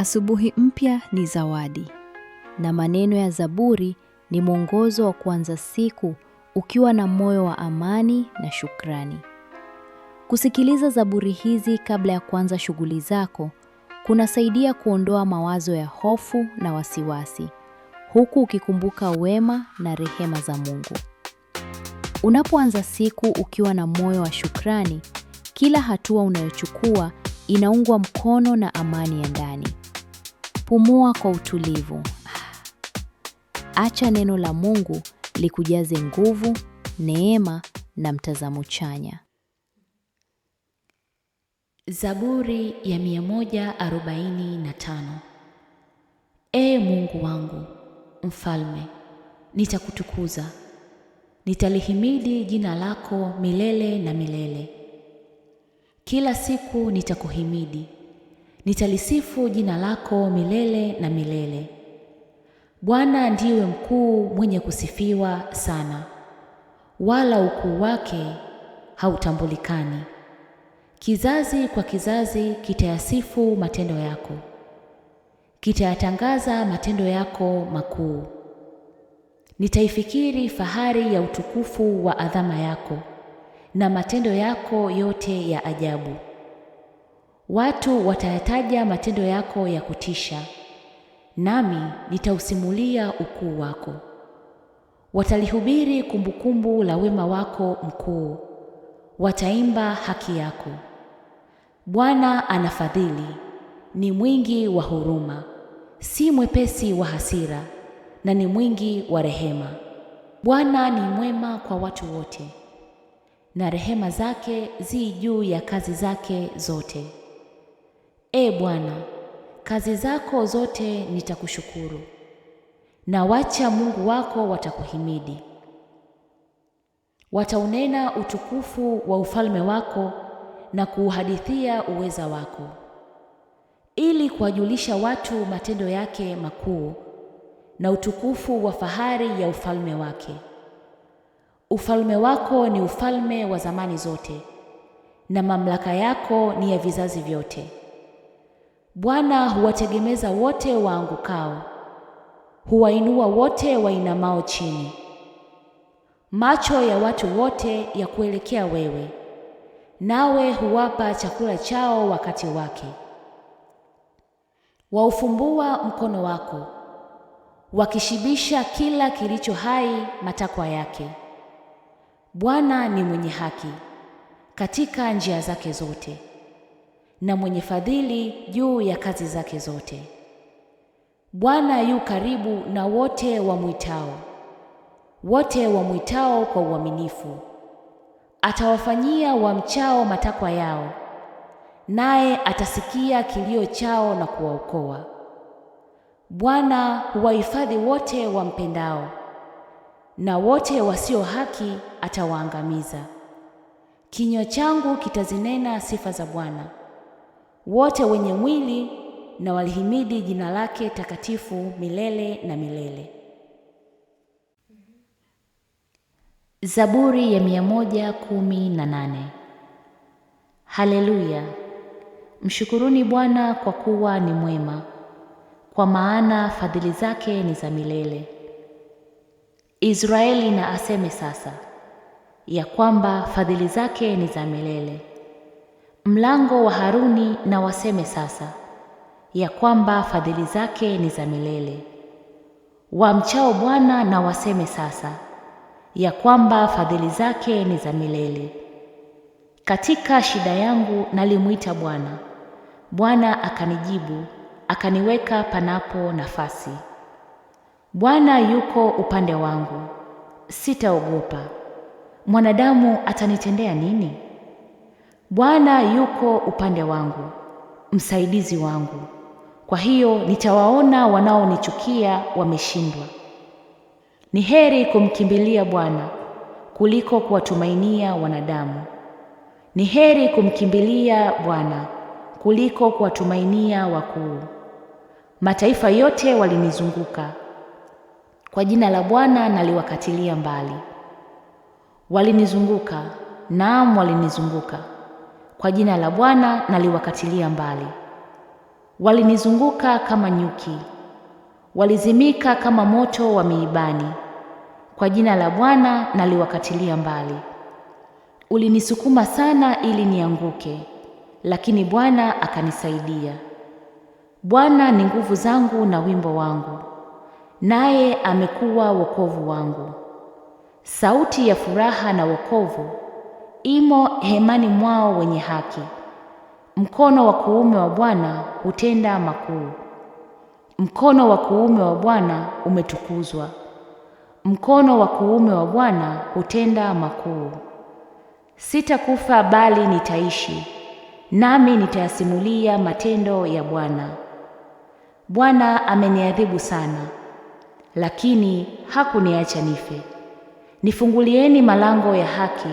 Asubuhi mpya ni zawadi, na maneno ya Zaburi ni mwongozo wa kuanza siku ukiwa na moyo wa amani na shukrani. Kusikiliza Zaburi hizi kabla ya kuanza shughuli zako kunasaidia kuondoa mawazo ya hofu na wasiwasi, huku ukikumbuka wema na rehema za Mungu. Unapoanza siku ukiwa na moyo wa shukrani, kila hatua unayochukua inaungwa mkono na amani ya ndani. Pumua kwa utulivu. Acha neno la Mungu likujaze nguvu, neema na mtazamo chanya. Zaburi ya 145. Ee Mungu wangu mfalme, nitakutukuza. Nitalihimidi jina lako milele na milele. Kila siku nitakuhimidi Nitalisifu jina lako milele na milele. Bwana ndiwe mkuu mwenye kusifiwa sana, wala ukuu wake hautambulikani. Kizazi kwa kizazi kitayasifu matendo yako, kitayatangaza matendo yako makuu. Nitaifikiri fahari ya utukufu wa adhama yako na matendo yako yote ya ajabu. Watu watayataja matendo yako ya kutisha, nami nitausimulia ukuu wako. Watalihubiri kumbukumbu la wema wako mkuu, wataimba haki yako. Bwana anafadhili, ni mwingi wa huruma, si mwepesi wa hasira, na ni mwingi wa rehema. Bwana ni mwema kwa watu wote, na rehema zake zi juu ya kazi zake zote e Bwana, kazi zako zote nitakushukuru, na wacha Mungu wako watakuhimidi. Wataunena utukufu wa ufalme wako na kuuhadithia uweza wako, ili kuwajulisha watu matendo yake makuu na utukufu wa fahari ya ufalme wake. Ufalme wako ni ufalme wa zamani zote, na mamlaka yako ni ya vizazi vyote. Bwana huwategemeza wote waangukao, huwainua wote wainamao chini. Macho ya watu wote ya kuelekea wewe, nawe huwapa chakula chao wakati wake. Waufumbua mkono wako, wakishibisha kila kilicho hai matakwa yake. Bwana ni mwenye haki katika njia zake zote na mwenye fadhili juu ya kazi zake zote. Bwana yu karibu na wote wamwitao, wote wamwitao kwa uaminifu. Atawafanyia wamchao matakwa yao, naye atasikia kilio chao na kuwaokoa. Bwana huwahifadhi wote wampendao, na wote wasio haki atawaangamiza. Kinywa changu kitazinena sifa za Bwana wote wenye mwili na walihimidi jina lake takatifu milele na milele. Zaburi ya mia moja kumi na nane. Haleluya! Mshukuruni Bwana kwa kuwa ni mwema, kwa maana fadhili zake ni za milele. Israeli na aseme sasa ya kwamba fadhili zake ni za milele mlango wa Haruni na waseme sasa ya kwamba fadhili zake ni za milele. Wamchao Bwana na waseme sasa ya kwamba fadhili zake ni za milele. Katika shida yangu nalimwita Bwana, Bwana akanijibu, akaniweka panapo nafasi. Bwana yuko upande wangu, sitaogopa. Mwanadamu atanitendea nini? Bwana yuko upande wangu, msaidizi wangu. Kwa hiyo nitawaona wanaonichukia wameshindwa. Ni heri kumkimbilia Bwana kuliko kuwatumainia wanadamu. Ni heri kumkimbilia Bwana kuliko kuwatumainia wakuu. Mataifa yote walinizunguka, kwa jina la Bwana naliwakatilia mbali. Walinizunguka, naam, walinizunguka kwa jina la Bwana naliwakatilia mbali. Walinizunguka kama nyuki, walizimika kama moto wa miibani. Kwa jina la Bwana naliwakatilia mbali. Ulinisukuma sana ili nianguke, lakini Bwana akanisaidia. Bwana ni nguvu zangu na wimbo wangu, naye amekuwa wokovu wangu. Sauti ya furaha na wokovu imo hemani mwao wenye haki. Mkono wa kuume wa Bwana hutenda makuu. Mkono wa kuume wa Bwana umetukuzwa. Mkono wa kuume wa Bwana hutenda makuu. Sitakufa bali nitaishi, nami nitayasimulia matendo ya Bwana. Bwana ameniadhibu sana, lakini hakuniacha nife. Nifungulieni malango ya haki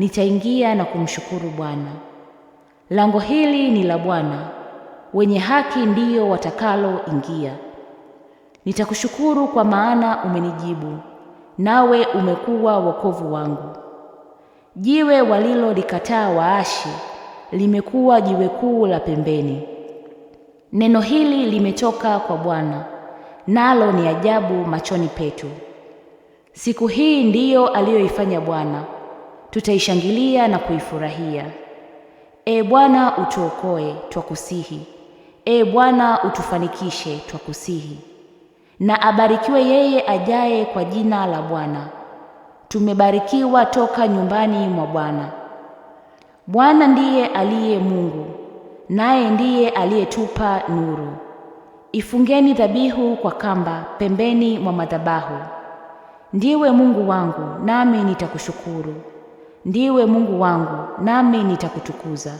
nitaingia na kumshukuru Bwana. Lango hili ni la Bwana, wenye haki ndiyo watakaloingia. Nitakushukuru kwa maana umenijibu, nawe umekuwa wokovu wangu. Jiwe walilolikataa waashi limekuwa jiwe kuu la pembeni. Neno hili limetoka kwa Bwana, nalo ni ajabu machoni petu. Siku hii ndiyo aliyoifanya Bwana, tutaishangilia na kuifurahia. Ee Bwana, utuokoe, twakusihi. e Bwana, utufanikishe, twakusihi. Na abarikiwe yeye ajaye kwa jina la Bwana. Tumebarikiwa toka nyumbani mwa Bwana. Bwana ndiye aliye Mungu, naye ndiye aliyetupa nuru. Ifungeni dhabihu kwa kamba pembeni mwa madhabahu. Ndiwe Mungu wangu, nami nitakushukuru. Ndiwe Mungu wangu, nami nitakutukuza.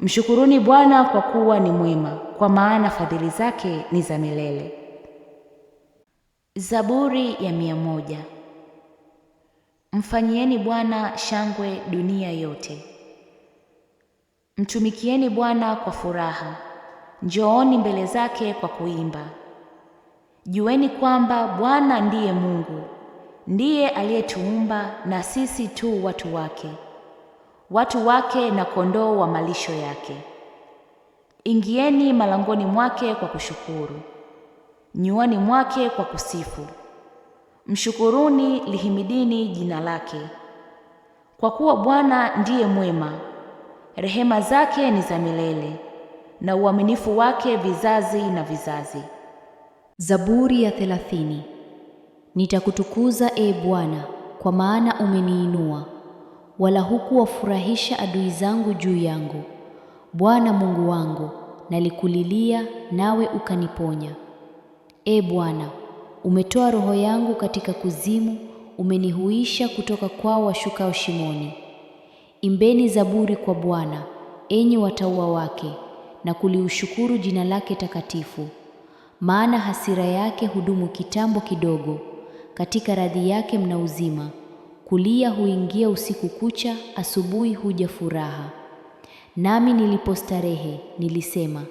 Mshukuruni Bwana kwa kuwa ni mwema, kwa maana fadhili zake ni za milele. Zaburi ya mia moja. Mfanyieni Bwana shangwe dunia yote, mtumikieni Bwana kwa furaha, njooni mbele zake kwa kuimba. Jueni kwamba Bwana ndiye Mungu, Ndiye aliyetuumba na sisi tu watu wake, watu wake na kondoo wa malisho yake. Ingieni malangoni mwake kwa kushukuru, nyuani mwake kwa kusifu. Mshukuruni, lihimidini jina lake, kwa kuwa Bwana ndiye mwema, rehema zake ni za milele, na uaminifu wake vizazi na vizazi. Zaburi ya thelathini. Nitakutukuza e Bwana, kwa maana umeniinua, wala hukuwafurahisha adui zangu juu yangu. Bwana Mungu wangu, nalikulilia nawe ukaniponya. E Bwana, umetoa roho yangu katika kuzimu, umenihuisha kutoka kwao washukao shimoni. Imbeni zaburi kwa Bwana, enyi watauwa wake, na kuliushukuru jina lake takatifu, maana hasira yake hudumu kitambo kidogo katika radhi yake mna uzima. Kulia huingia usiku kucha, asubuhi huja furaha. Nami nilipostarehe nilisema,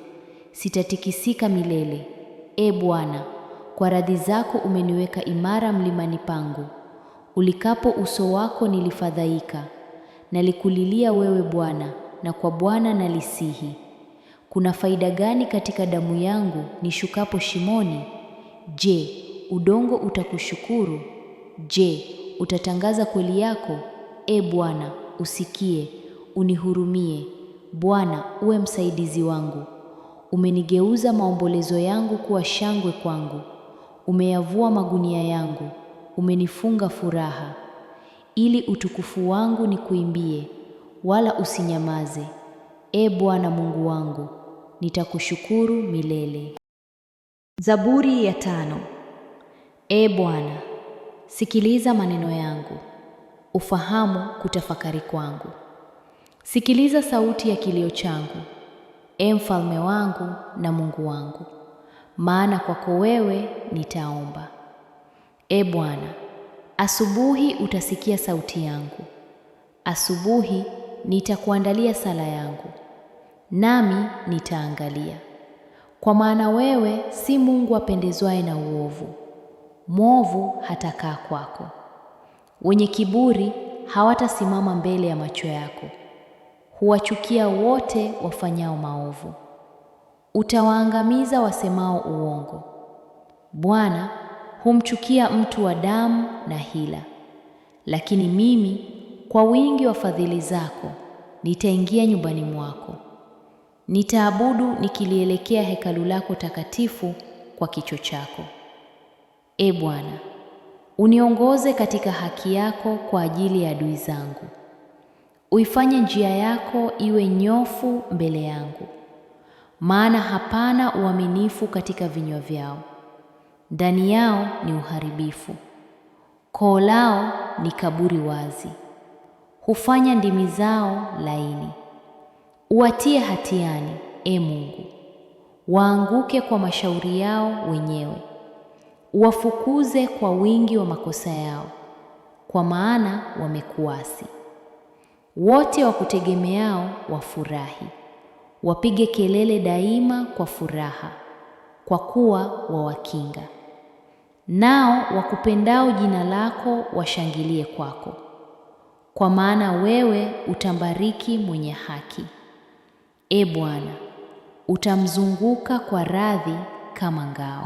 sitatikisika milele. E Bwana, kwa radhi zako umeniweka imara mlimani pangu. Ulikapo uso wako nilifadhaika. Nalikulilia wewe Bwana, na kwa Bwana nalisihi. Kuna faida gani katika damu yangu nishukapo shimoni? Je, udongo utakushukuru? Je, utatangaza kweli yako? E Bwana, usikie, unihurumie. Bwana, uwe msaidizi wangu. Umenigeuza maombolezo yangu kuwa shangwe kwangu, umeyavua magunia yangu, umenifunga furaha, ili utukufu wangu nikuimbie, wala usinyamaze. E Bwana Mungu wangu, nitakushukuru milele. Zaburi ya tano e Bwana, sikiliza maneno yangu, ufahamu kutafakari kwangu. Sikiliza sauti ya kilio changu, e mfalme wangu na Mungu wangu, maana kwako wewe nitaomba. e Bwana, asubuhi utasikia sauti yangu, asubuhi nitakuandalia sala yangu, nami nitaangalia, kwa maana wewe si Mungu apendezwaye na uovu mwovu hatakaa kwako, wenye kiburi hawatasimama mbele ya macho yako. Huwachukia wote wafanyao maovu, utawaangamiza wasemao uongo. Bwana humchukia mtu wa damu na hila. Lakini mimi kwa wingi wa fadhili zako nitaingia nyumbani mwako, nitaabudu nikilielekea hekalu lako takatifu kwa kicho chako. E Bwana, uniongoze katika haki yako kwa ajili ya adui zangu. Uifanye njia yako iwe nyofu mbele yangu, maana hapana uaminifu katika vinywa vyao. Ndani yao ni uharibifu, koo lao ni kaburi wazi. Hufanya ndimi zao laini. Uwatie hatiani, e Mungu, waanguke kwa mashauri yao wenyewe. Wafukuze kwa wingi wa makosa yao, kwa maana wamekuasi. Wote wakutegemeao wafurahi, wapige kelele daima kwa furaha, kwa kuwa wawakinga. Nao wakupendao jina lako washangilie kwako, kwa maana wewe utambariki mwenye haki. E Bwana, utamzunguka kwa radhi kama ngao.